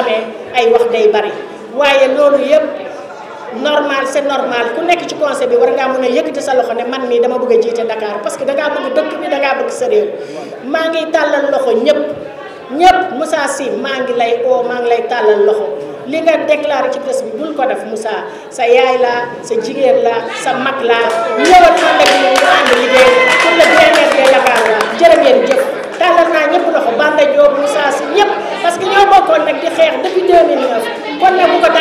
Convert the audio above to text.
amee ay wax day bari waaye loolu yëpp normal c'est normal ku nekk ci conseil bi war ngaa mën a yëkkati sa loxo ne man mii dama bëgg a jiite Dakar parce que dangaa bëgg dëkk bi dangaa bëgg sa réew maa ngi tàllal loxo ñëpp ñëpp musaa siim maa ngi lay oo maa ngi lay tàllal loxo li nga déclaré ci presse bi bul ko def Moussa sa yaay la sa jigéen la sa mag la ñëwal ànd ak xeex depuis 2009 kon nag bu ko